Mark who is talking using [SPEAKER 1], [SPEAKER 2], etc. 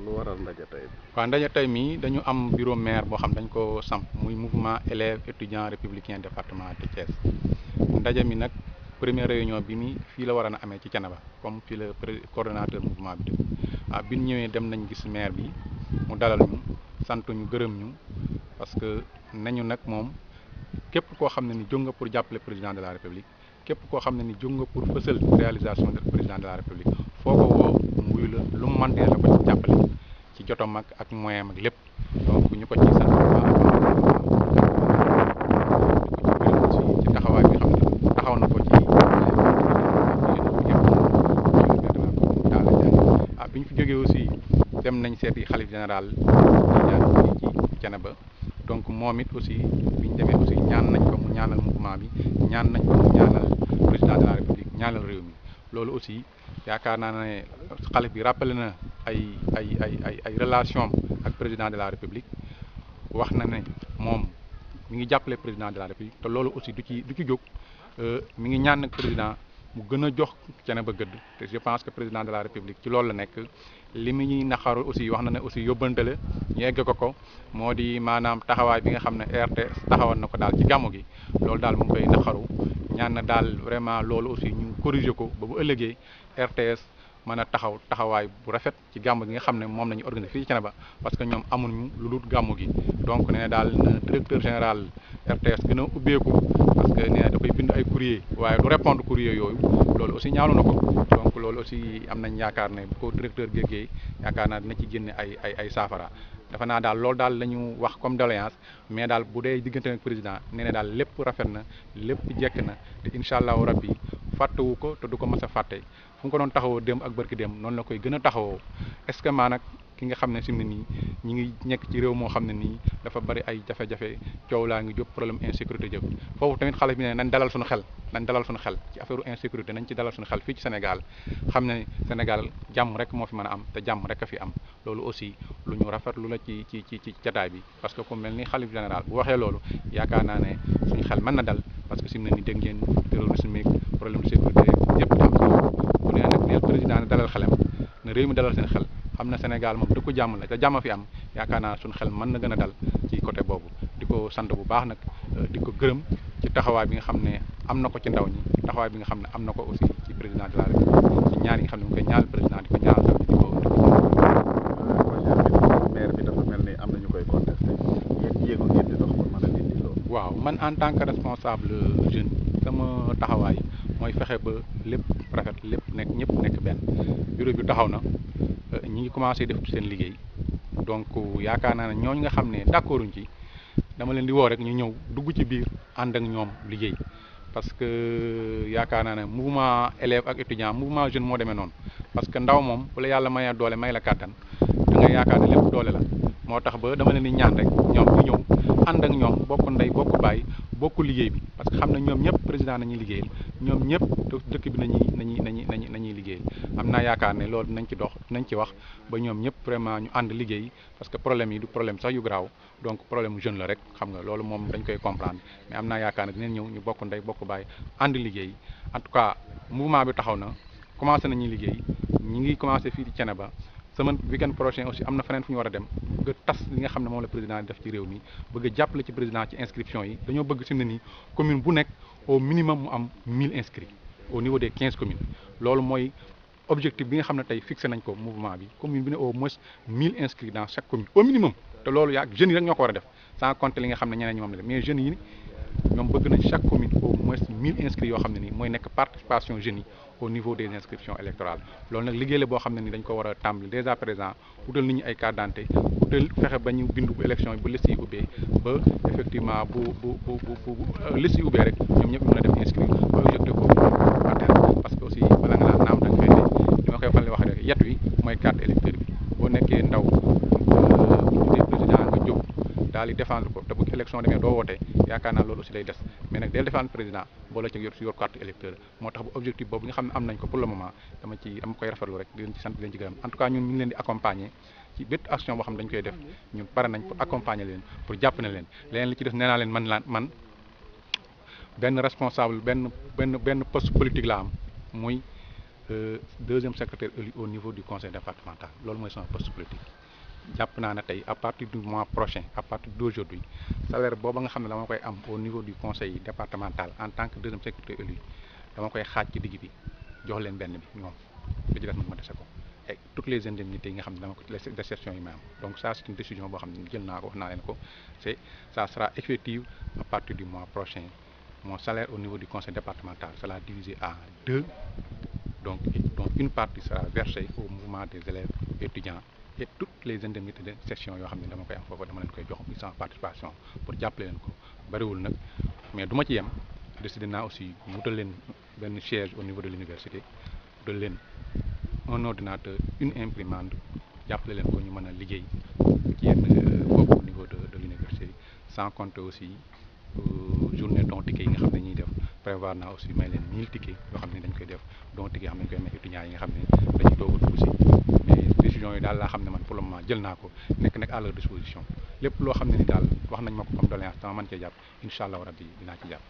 [SPEAKER 1] lu waral ndaje tey bi ndaje tey mii dañu am bureau maire boo xam dañ ko samp muy mouvement élèves étudiants républicains département de Thiès ndaje mi nag première réunion bi mi fii la waroon na amee ci Thiénaba comme fii la coordonnateur mouvement bi def ah bi ñëwee dem nañ gis maire bi mu dalal ñu sant ñu gërëm ñu parce que nañu nag moom képp koo xam ne ni jóg nga pour jàppale président de la république képp koo xam ne ni jóg nga pour fësal réalisation du président de la république foo ko woo mu la lu mu mën la ko ci jàppale ci ak ak moyen ak ko ci taxawaay bi xam ne taxaw na ko ci ah bi ñu fi jógee aussi dem nañ seeti xalif général ci Thiénaba donc moom it aussi bi ñu demee aussi ñaan nañ ko mu ñaanal mouvement bi ñaan nañ ko mu ñaanal président de la république ñaanal réew mi loolu aussi yaakaar naa ne xale bi rappelé na ay ay ay ay ay relation ak président de la république wax na ne moom mi ngi jàppale président de la république te loolu aussi du ci du ci jóg euh, mu ngi ñaan nag président mu gën a jox ba gëdd te je pense que président de la république ci loolu la nekk li mu ñuy naxaru aussi wax na ne aussi yóbbantale ñu egg ko ko moo di maanaam taxawaay bi nga xam ne RTS taxawal na ko daal ci gàmmu gi loolu daal mu ngi koy naxaru ñaan na daal vraiment loolu aussi ñu corriger ko ba bu ëllëgee RTS mën a taxaw taxawaay bu rafet ci gàmm gi nga xam ne moom la ñu organisé fii ci Thiénaba parce que ñoom amuñu lu dul gàmm gi donc nee na daal directeur général RTS gën ubbeeku parce que nee na dafay bind ay courrier waaye du répondre courrier yooyu loolu aussi ko donc loolu aussi am nañ yaakaar ne bu ko directeur géegee yaakaar naa dina ci génne ay ay ay saafara dafa naa daal loolu daal la ñu wax comme doléance mais daal bu dee diggante ak président nee na daal lépp rafet na lépp jekk na te incha allahu rabbi fàttewu ko te du ko mës a fàtte fu mu ko doon taxawoo démb ak bërki dem noonu la koy gën a taxawoo est ce que ki nga xam ne si mu ne nii ñi ngi nekk ci réew moo xam ne nii dafa bari ay jafe-jafe coow laa ngi jóg problème insécurité jóg foofu tamit xale bi ne nañ dalal suñu xel nañ dalal suñu xel ci affaire insécurité nañ ci dalal suñu fii ci Sénégal xam ne Sénégal jàmm rek moo fi mën a am te jàmm rek a fi am loolu aussi lu ñu rafet lu la ci ci ci ci jataay bi parce que ku mel ni xalif général bu waxee loolu yaakaar naa ne suñu xel mën na dal parce que si ne nii dégg ngeen terrorisme yi problème de sécurité dalal xelam na réew mi dalal seen xel am na Sénégal moom ko jàmm la te jàmm fi am yaakaar naa suñu xel mën na gën a dal ci côté boobu di ko sant bu baax nag euh, di ko gërëm ci taxawaay bi nga xam ne am na ko ci ndaw ñi taxawaay bi nga xam ne am na ko aussi ci président de la République ci ñaar yi nga xam ne mu koy ñaal président di ko ñaal mel ni am na ñu koy contesté di dox a waaw man en tant que responsable jeune sama taxawaay mooy fexe ba lépp rafet lépp nekk ñëpp nekk benn bureau bi taxaw na euh, ñi ngi commencé def seen liggéey donc yaakaar naa ne ñooñu nga xam ne d'accorduñ ci dama leen di woo rek ñu ñëw dugg ci biir ànd ak ñoom liggéey parce que euh, yaakaar naa ne mouvement élève ak étudiant mouvement jeune moo demee noonu parce que ndaw moom bu la yàlla mayee doole may la kàttan da nga yaakaar ne lépp doole la moo tax ba dama leen di ñaan rek ñoom ñu ñëw ànd ak ñoom bokk ndey bokk bàyyi bokku liggéey bi parce que xam na ñoom ñëpp président nañuy liggéeyal ñoom ñëpp dëkk bi nañuy nañuy nañuy nañuy liggéeyal am naa yaakaar ne loolu nañ ci dox nañ ci wax ba ñoom ñëpp vraiment ñu ànd liggéey parce que problème yi du problème sax yu garaaw donc problème jeune la rek xam nga loolu moom dañ koy comprendre mais am naa yaakaar ne dinañ ñëw ñu bokk ndey bokk bàyyi ànd liggéey en tout cas mouvement bi taxaw na commencé nañuy liggéey ñu ngi commencé fii di Thiénaba semaine weekend prochain aussi am na feneen fu ñu war a dem bëgg a tas li nga xam ne moom la président def ci réew mi bëgg a jàppale ci président ci inscription yi dañoo bëgg fi mu ne nii commune bu nekk au minimum mu am 1000 inscrits au niveau des 15 communes loolu mooy objectif bi nga xam ne tey fixé nañ ko mouvement bi commune bi ne au moins 1000 inscrits dans chaque commune au minimum te loolu yaa jeunes yi rek ñoo ko war a def sans compter li nga xam ne ñeneen ñi moom la yi ñoom bëgg nañ chaque commune au moins 1000 inscrits yoo xam ne nii mooy nekk participation jeunes yi au niveau des inscriptions électorales loolu nag liggéey la boo xam ne ni dañ ko war a tàmbali dès à présent utal nit ñi ay carte d'identité fexe ba ñu bindu bu élection yi ba liste yi ubbee ba effectivement bu bu bu bu liste yi rek ñoom ñëpp mën a def inscrit ba yëg de ko taali défendre ko te bu élection demee doo wootee yaakaar naa loolu aussi lay des mais nag del défendre président boole ci yor si électeur moo tax bu objectif boobu nga xam ne am nañ ko pour le moment dama ci dama koy rafetlu rek leen ci sant di leen ci gërëm en tout cas ñun ñu ngi leen di accompagner ci bépp action boo xam ne dañ koy def ñun pare nañ pour accompagner leen pour jàpp na leen leneen li ci des nee naa leen man laan man benn responsable benn benn benn poste politique la am muy euh, deuxième secrétaire élu au niveau du conseil départemental loolu mooy sama jàpp naa ne tey à partir du mois prochain à partir d'aujourd'hui salaire booba nga xam ne dama koy am au niveau du conseil départemental en tant que deuxième secrétaire élu dama koy xaaj ci digg bi jox leen benn bi ñoom li ci des nag ma dese ko et toutes les indemnités yi nga xam ne dama ko les déceptions yi ma am donc ça c'est une décision boo xam ne jël naa ko naa leen ko c'est ça sera effective à partir du mois prochain mon salaire au niveau du conseil départemental sera à donc donc une partie sera versée au mouvement des et toutes les indemnités de session yoo xam ne dama koy am foofu dama leen koy jox sans participation pour jàppale leen ko bariwul nag mais du ci yem décidé naa aussi wutal leen benn siège au niveau de l'université wutal leen un ordinateur une imprimante jàppale leen ko ñu mën a liggéey ci yenn bopp euh, au niveau de de l'université sans compter aussi euh, journée don ticket yi nga xam ne ñuy def prévoir naa aussi may leen 1000 tickets yoo xam ne dañ koy def don ticket yoo yi nga xam ne décisions yi daal la xam ne man pour le moment jël naa ko nekk nag à leur disposition lépp loo xam ne ni daal wax nañ ma ko comme doléance dama mën cee jàpp incha allah rabbi dinaa ci jàpp